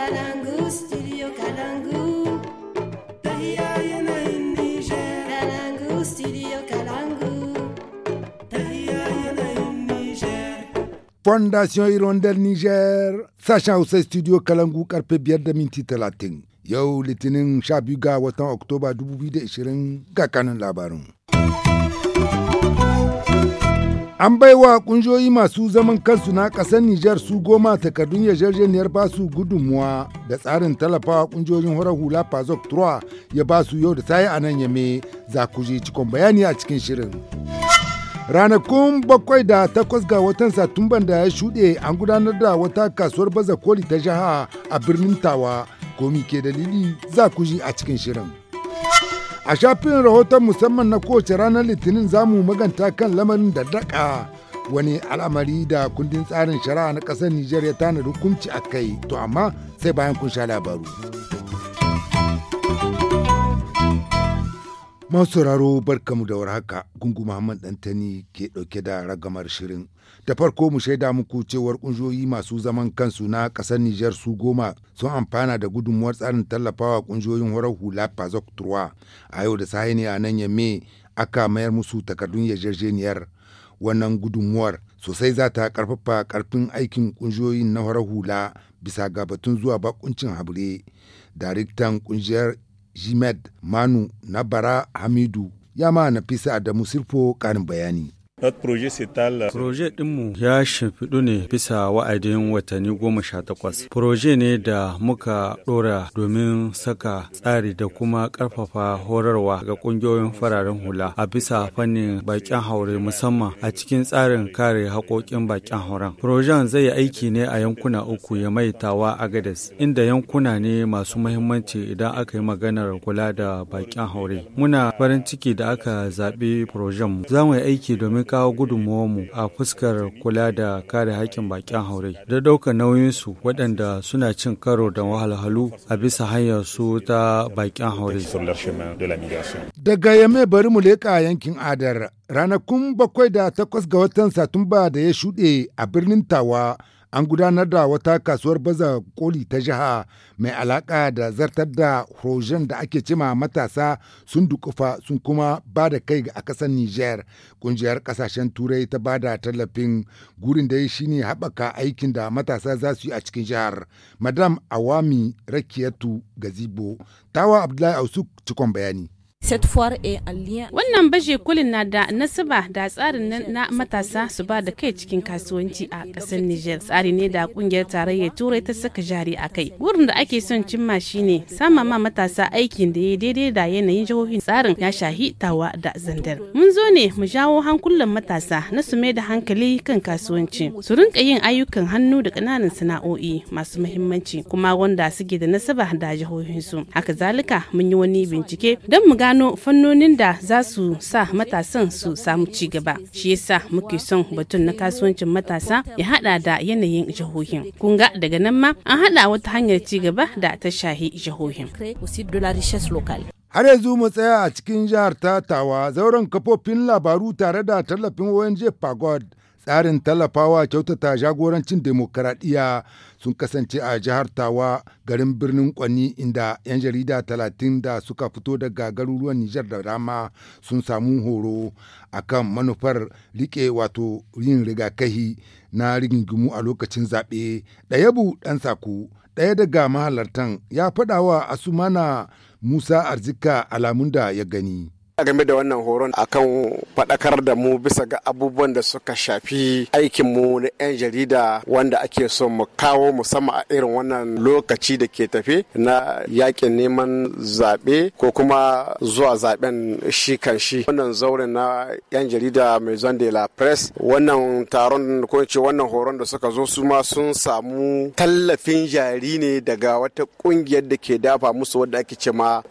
Kalangu, studio Kalangu. Tahiya yanayin Nijar. Kalangu, studio Fondation studio Kalangu karfe biyar da minti talatin. Yau Litinin 12 ga watan Oktoba 2020 ga kanin labarun. An bai wa kunjoyi masu zaman kansu na ƙasar Nijar su goma takardun yarjejeniyar su gudunmuwa da tsarin talafawa kunjoyin horar hula Pazok Trois ya ba su yau da tayi a nan yame za ku je cikon bayani a cikin shirin. Ranakun bakwai da takwas ga watan Satumban da ya shuɗe an gudanar da wata kasuwar baza koli ta jiha a birnin Tawa, komi ke dalili za ku ji a cikin shirin. A shafin rahoton musamman na kowace ranar Litinin zamu maganta kan lamarin da daka wani al'amari da kundin tsarin shari'a na ƙasar Nijar ya tanadi hukunci a kai, to amma sai bayan kun sha labaru. masauraro barkamu da warhaka gungu muhammad dantani ke dauke da ragamar shirin da farko mu shaida muku cewar kunjoyi masu zaman kansu na kasar nijar su goma sun amfana da gudunmuwar tsarin tallafawa kunjoyin horar hula pazok turwa a yau da sahi ne a nan yamme aka mayar musu takardun yarjejeniyar wannan gudunmuwar sosai za ta karfafa karfin aikin kunjoyin na horar hula bisa ga batun zuwa bakuncin habire daraktan kungiyar jimed manu nabara hamidu ya ma nafisa da musirfo karin bayani Proje ɗinmu euh, ya shimfiɗu ne bisa wa'adin watanni goma sha takwas. Proje ne da muka ɗora domin saka tsari da kuma ƙarfafa horarwa ga ƙungiyoyin fararen hula a bisa fannin baƙin haure musamman a cikin tsarin kare haƙoƙin baƙin hauren. Projen zai yi aiki ne a yankuna uku ya maitawa Agades, inda yankuna ne masu mahimmanci idan aka yi maganar kula da baƙin haure. Muna farin ciki da aka zaɓi projen mu. Za mu yi aiki domin kawo mu a fuskar kula da kare haƙƙin baƙin haure da daukar nauyinsu waɗanda suna cin karo da wahalhalu a bisa hanyar su ta baƙin haure. Daga yamma bari mu leƙa yankin Adar ranakun bakwai da takwas ga watan Satumba da ya shuɗe a birnin Tawa an gudanar da wata kasuwar baza koli ta jiha mai alaka da zartar da projen da ake cima matasa sun dukufa sun kuma ba da kai a kasar niger kungiyar ƙasashen turai ta ba da tallafin gurin da shine haɓaka aikin da matasa za su yi a cikin jihar madam awami rakiyatu gazibo tawa abdullahi ausuk cikon bayani Wannan baje kolin na da nasaba da tsarin nan na matasa su ba da kai cikin kasuwanci a ƙasar niger. Tsari ne da kungiyar tarayyar Turai ta saka jari a kai. Wurin da ake son cimma shine sama ma matasa aikin da ya daidai da yanayin jihohin tsarin ya shahi tawa da zandar. Mun zo ne mu jawo hankulan matasa na su mai da hankali kan kasuwanci. Su rinka yin ayyukan hannu da kananan sana'o'i masu muhimmanci kuma wanda suke da nasaba da jihohinsu. Haka zalika mun yi wani bincike don mu ga gano fannonin da za su sa matasan su samu ci gaba shi yasa muke son batun na kasuwancin matasa ya hada da yanayin jihohin kun daga nan ma an hada wata hanyar ci gaba da ta shahi jihohin har yanzu mu tsaya a cikin jihar ta tawa zauren kafofin labaru tare da tallafin ONG Pagod tsarin tallafawa kyautata jagorancin demokaradiyya sun kasance a jihar tawa garin birnin kwani inda 'yan jarida talatin da suka fito daga garuruwan nijar da rama sun samu horo akan manufar rike wato yin rigakahi na rigingimu a lokacin zaɓe ɗaya bu ɗan saku ɗaya daga mahalartan ya faɗawa asumana musa arzika alamun da ya gani game da wannan horon akan faɗakar da mu bisa ga abubuwan da suka shafi aikin mu na 'yan jarida wanda ake so mu kawo musamman a irin wannan lokaci da ke tafe na yakin neman zaɓe ko kuma zuwa zaɓen shi kan shi wannan zauren na 'yan jarida mai de la press wannan taron ko ce wannan horon da suka zo su ma sun samu tallafin jari ne daga wata ƙungiyar da ke dafa musu wadda ake ce ma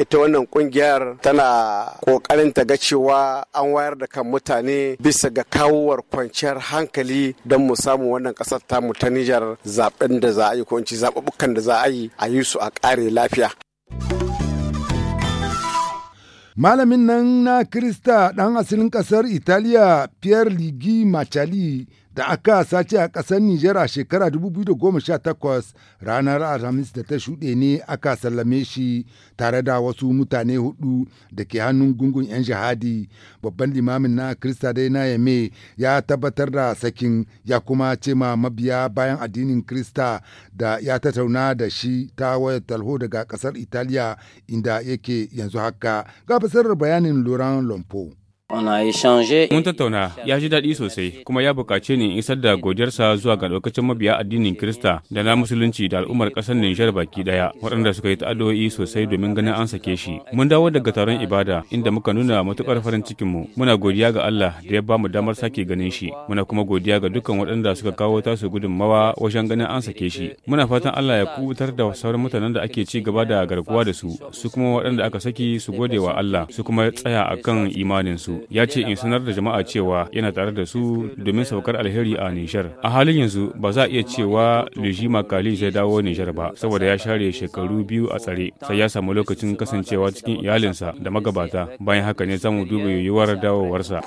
ita wannan ƙungiyar tana kokarin ta ga cewa an wayar da kan mutane bisa ga kawowar kwanciyar hankali don mu samu wannan kasar mu ta Nijar zaben da za a yi zaɓuɓɓukan da za a yi a yi su a ƙare lafiya. Malamin nan na Krista ɗan asalin ƙasar Italiya Pierre Ligi Machali da aka sace a ƙasar Nijar a shekara 2018 ranar Alhamis da ta shuɗe ne aka sallame shi tare da wasu mutane hudu da ke hannun gungun 'yan jihadi. Babban limamin na Krista dai na Yame ya tabbatar da sakin ya kuma ce ma mabiya bayan addinin Krista da ya tattauna da shi ta wayar talho daga ƙasar Italiya inda yake yanzu haka. Ga fasarar bayanin Laurent Lompo. Mun tattauna ya ji daɗi sosai kuma ya buƙace ni in isar da godiyarsa zuwa ga lokacin mabiya addinin Kirista da na Musulunci da al'ummar ƙasar Nijar baki ɗaya waɗanda suka yi ta'addo'i sosai domin ganin an sake shi. Mun dawo daga taron ibada inda muka nuna matuƙar farin cikinmu. Muna godiya ga Allah da ya bamu damar sake ganin shi. Muna kuma godiya ga dukkan waɗanda suka kawo tasu gudunmawa wajen ganin an sake shi. Muna fatan Allah ya kubutar da sauran mutanen da ake ci gaba da garkuwa da su, su kuma waɗanda aka saki su gode wa Allah, su kuma tsaya akan imaninsu. ya ce in sanar da jama'a cewa yana tare da su domin saukar alheri a Nijar. A halin yanzu ba za a iya cewa Lijima makali zai dawo Nijar ba saboda ya share shekaru biyu a tsare sai ya samu lokacin kasancewa cikin iyalinsa da magabata bayan haka ne zamu duba yiwuwar dawowarsa.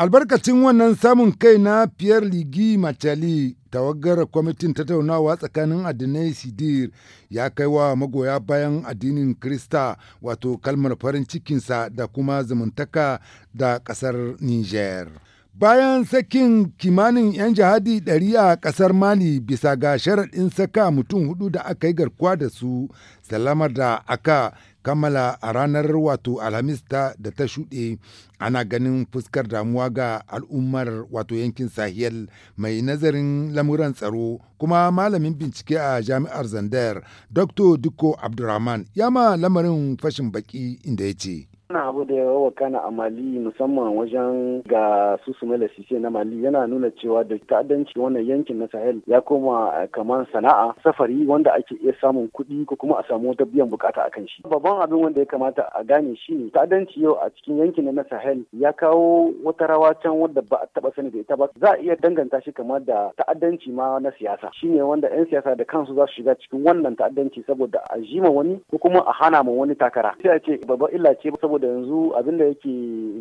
albarkacin wannan samun kai na pierre ligi Matali, tawagar kwamitin tattaunawa tsakanin addinai sidir ya kai wa magoya bayan addinin krista wato kalmar farin cikinsa da kuma zumuntaka da kasar niger bayan sakin kimanin 'yan jihadi 100 a kasar mali bisa ga sharaɗin saka mutum hudu da aka yi garkuwa da su salamar da aka kammala a ranar wato alhamis ta da ta shuɗe ana ganin fuskar damuwa ga al'ummar wato yankin sahel mai nazarin lamuran tsaro kuma malamin bincike a jami'ar zandar dr dukko abdulrahman ya ma lamarin fashin baki inda ya ce Wannan abu da yawa kana a Mali musamman wajen ga su Sise na Mali yana nuna cewa da ta'addanci wannan yankin na Sahel ya koma eh, kamar sana'a safari wanda ake iya samun kuɗi ko kuma a samu wata biyan bukata akan shi. Babban abin wanda ya kamata a gane shi ne ta'addanci yau a cikin yankin na Sahel ya kawo wata rawa can wadda ba a taba sani da ita ba za a iya danganta shi kamar da ta'addanci ma na siyasa shi shine wanda 'yan siyasa da kansu za su shiga cikin wannan ta'addanci saboda a jima wani ko kuma a hana ma wani takara. Sai a ce babban illa ce saboda saboda yanzu abin da yake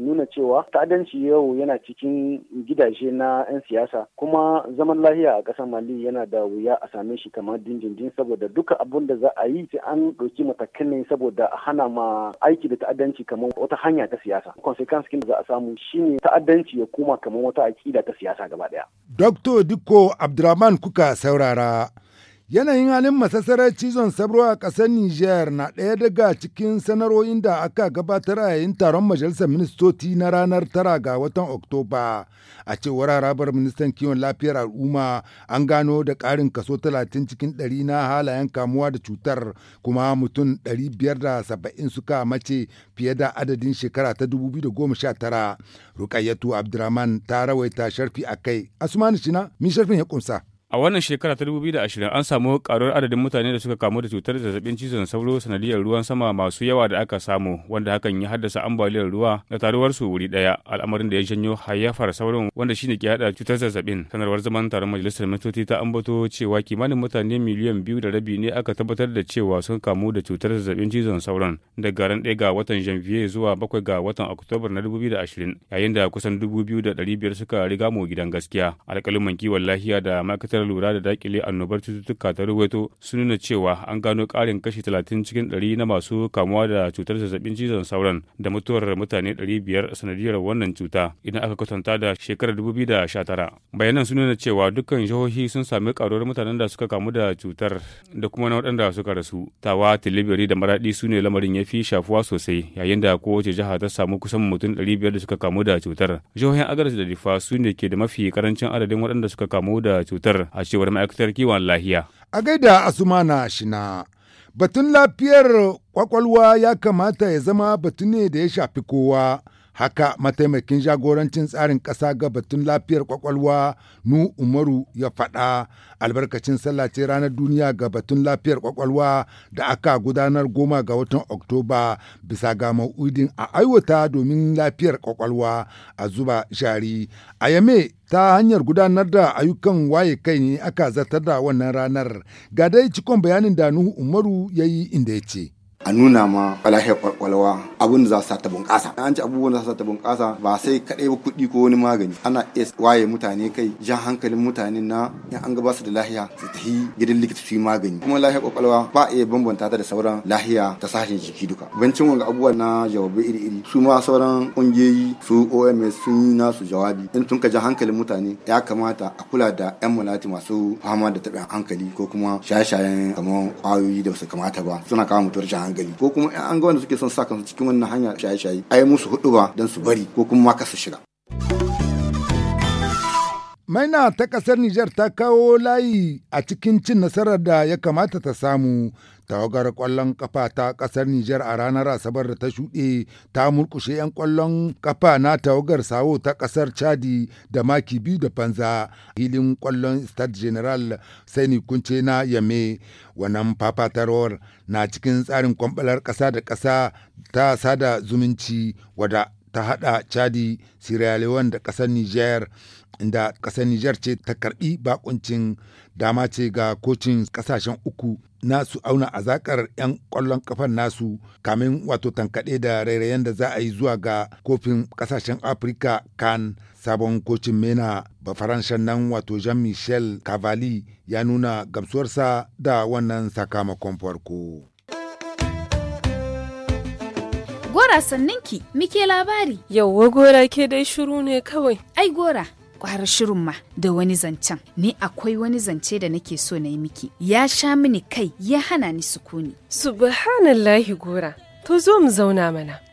nuna cewa ta'addanci yau yana cikin gidaje na 'yan siyasa kuma zaman lahiya a ƙasar mali yana da wuya a same shi kamar dindindin saboda duka abin da za a yi sai an ɗauki matakan ne saboda a hana ma aiki da ta'addanci kamar wata hanya ta siyasa consequence da za a samu shine ta'addanci ya koma kamar wata aƙida ta siyasa gaba ɗaya. Dr. Dikko Abdurrahman kuka saurara. Yanayin halin masassarar cizon sabro a ƙasar Nijar na ɗaya daga cikin sanarwoyin da aka gabatar a yayin taron Majalisar Ministoci na ranar tara ga watan Oktoba. A cewar harabar ministan kiwon lafiyar al'umma an gano da ƙarin kaso 30 cikin 100 na halayen kamuwa da cutar kuma mutum 570 suka mace fiye da adadin shekara ta 2019. Rukayyatu Abdurrahman ta rawaita sharfi a kai. Asmanu Shina, min sharfin ya ƙunsa. A wannan shekara ta 2020 an samu karuwar adadin mutane da suka kamu da cutar zazzabin cizon sauro sanadiyar ruwan sama masu yawa da aka samu wanda hakan ya haddasa ambaliyar ruwa da taruwar su wuri daya al'amarin da ya janyo hayyafar sauron wanda shine ke hada cutar zazzabin sanarwar zaman taron majalisar ministoci ta ambato cewa kimanin mutane miliyan biyu da rabi ne aka tabbatar da cewa sun kamu da cutar zazzabin cizon sauron daga ran 1 ga watan janvier zuwa 7 ga watan oktoba na 2020 yayin da kusan 2,500 suka riga mu gidan gaskiya alƙaluman kiwon lafiya da ma'aikatar ma'aikatar lura da dakile annobar cututtuka ta ruwaito sun nuna cewa an gano karin kashi talatin cikin 100 na masu kamuwa da cutar zazzabin cizon sauran da mutuwar mutane 500 sanadiyar wannan cuta idan aka kwatanta da shekarar dubu da 2019. Bayanan sun nuna cewa dukkan jihohi sun sami karuwar mutanen da suka kamu da cutar da kuma na waɗanda suka rasu. Tawa, Tilibiri da Maraɗi su ne lamarin ya fi shafuwa sosai yayin da kowace jiha ta samu kusan mutum 500 da suka kamu da cutar. Jihohin Agadas da Difa su ne ke da mafi karancin adadin waɗanda suka kamu da cutar a cewar ma'aikatar kiwon lahiya. A gaida na Shina, batun lafiyar kwakwalwa ya kamata ya zama batu ne da ya shafi kowa. Haka mataimakin jagorancin tsarin ƙasa ga batun lafiyar kwakwalwa Nu Umaru ya faɗa albarkacin Sallah ce ranar duniya ga batun lafiyar kwakwalwa da aka gudanar goma ga watan Oktoba bisa ga ma'udin a aiwata domin lafiyar kwakwalwa a zuba shari. A yame ta hanyar gudanar da ayyukan waye kai ne aka zartar da wannan ranar. Ga dai cikon bayanin da Nuhu Umaru ya yi inda ya ce. a nuna ma falahiyar kwakwalwa abin da za su ta bunƙasa an ci abubuwan da za su ta bunƙasa ba sai kaɗai ba kuɗi ko wani magani ana iya waye mutane kai ja hankalin mutane na in an gaba su da lahiya su ta yi gidan likita su yi magani kuma lahiyar kwakwalwa ba iya bambanta ta da sauran lahiya ta sashen jiki duka bancin wanga abubuwan na jawabai iri-iri su ma sauran ƙungiyoyi su OMS sun yi nasu jawabi in tun ka ja hankalin mutane ya kamata a kula da 'yan mulati masu fama da taɓin hankali ko kuma shaye-shayen kamar ƙwayoyi da su kamata ba suna kawo mutuwar hankali gari ko kuma an ga wanda suke son sa kansu cikin wannan hanya shaye-shaye a yi musu hudu ba don su bari ko kuma ma kasa shiga maina ta kasar Nijar ta kawo layi a cikin cin nasarar da ya kamata ta samu tawagar kwallon kafa ta kasar Nijar a ranar Asabar da ta shuɗe ta murkushe 'yan kwallon kafa na tawagar sawo ta kasar Chadi da maki biyu da fanza hilin kwallon Stade General Sani Kunce na Yame wannan fafatarwar na cikin tsarin kwambalar ƙasa da ƙasa ta sada zumunci wada ta hada Chadi, Sierra Leone da kasar Nijar inda ƙasar Nijar ce ta karbi bakuncin dama ce ga kocin ƙasashen uku nasu auna azakar 'yan ƙwallon kafan nasu kamin wato tankaɗe da rairayen da za a yi zuwa ga kofin ƙasashen afirka kan sabon kocin mena ba faranshan nan wato jean-michel cavalli ya nuna gamsuwarsa da wannan sakamakon farko Gora sanninki, muke labari. Yauwa gora ke dai shiru ne kawai. Ai gora, kwara shirin ma da wani zancen ni akwai wani zance da nake so na yi miki ya sha mini kai ya hana ni sukuni subhanallahi gora to zo mu zauna mana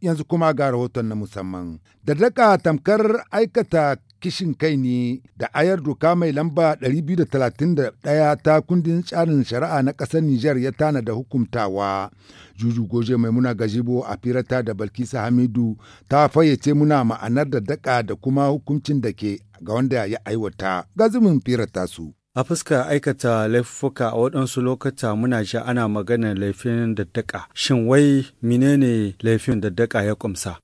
Yanzu kuma ga rahoton na musamman. Da daka tamkar aikata kishin kai ne da ayar doka mai lamba 231 ta kundin tsarin shari'a na ƙasar Nijar ya tana da hukumtawa. Juju Goje Maimuna Gajibo a firata da Balkisa Hamidu ta fayyace muna ma'anar da daka da kuma hukuncin da ke ga wanda ya aiwata gazumin firata su. A fuskar aikata laifuka a waɗansu lokata muna shi ana maganar laifin daddaka. Shin wai menene laifin daddaka ya kumsa?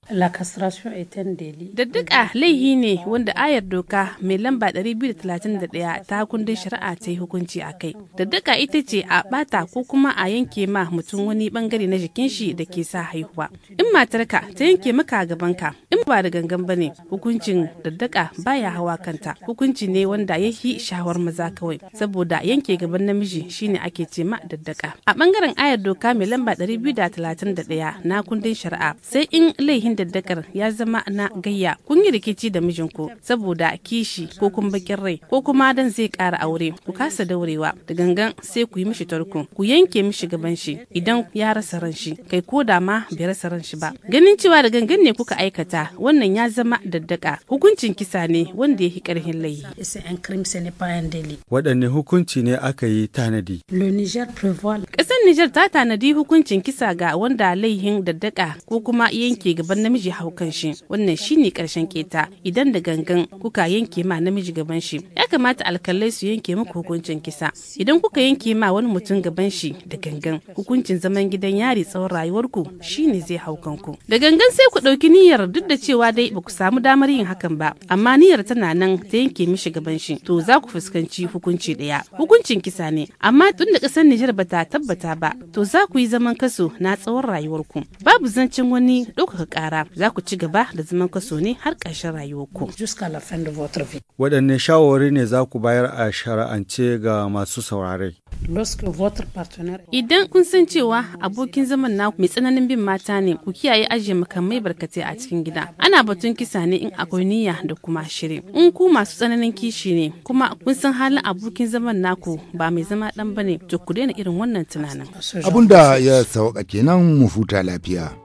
Daddaka laihi ne wanda ayar doka mai lamba 231 ta kundin shari'a ta yi hukunci a kai. Daddaka ita ce a ɓata ko kuma a yanke ma mutum wani bangare na jikin shi da ke sa haihuwa. In matarka ta yanke maka gabanka, in ba da gangan bane hukuncin daddaka baya hawa kanta. Hukunci ne wanda ya yi shawar maza kawai saboda yanke gaban namiji shine ake ce ma daddaka a bangaren ayar doka mai lamba 231 na kundin shari'a sai in laihin daddakar ya zama na gayya kun yi rikici da mijinku saboda kishi ko kun bakin rai ko kuma dan zai kara aure ku kasa daurewa da gangan sai ku yi mishi tarko ku yanke mishi gaban shi idan ya rasa ran shi kai ko da ma bai rasa ran shi ba ganin cewa da gangan ne kuka aikata wannan ya zama daddaka hukuncin kisa ne wanda ya fi karhin laihi waɗanne hukunci ne aka yi tanadi. Ƙasar Nijar ta tanadi hukuncin kisa ga wanda laihin daddaka ko kuma yanke gaban namiji haukan shi. Wannan shine ƙarshen keta idan da gangan kuka yanke ma namiji gaban shi. Ya kamata alkalai su yanke muku hukuncin kisa. Idan kuka yanke ma wani mutum gaban shi da gangan hukuncin zaman gidan yari tsawon rayuwarku shi ne zai haukan ku. Da gangan sai ku ɗauki niyyar duk da cewa dai ba ku samu damar yin hakan ba amma niyyar tana nan ta yanke mishi gaban shi to za ku fuskanci hukunci ɗaya hukuncin kisa ne amma tun da ƙasar Nijar bata tabbata ba to za ku yi zaman kaso na tsawon rayuwarku babu zancen wani ɗaukaka kara za ku ci gaba da zaman kaso ne har ƙarshen rayuwarku. Waɗanne shawarwari ne za ku bayar a shara'ance ga masu saurare? Idan kun san cewa abokin zaman naku mai tsananin bin mata ne ku kiyaye ajiye makamai barkatai a cikin gida. Ana batun kisa ne in akwai niyya da kuma shiri. In ku masu tsananin kishi ne kuma kun san halin abokin zaman naku ba mai zama dan bane to ku daina irin wannan tunanin abun da ya sauka kenan mu futa lafiya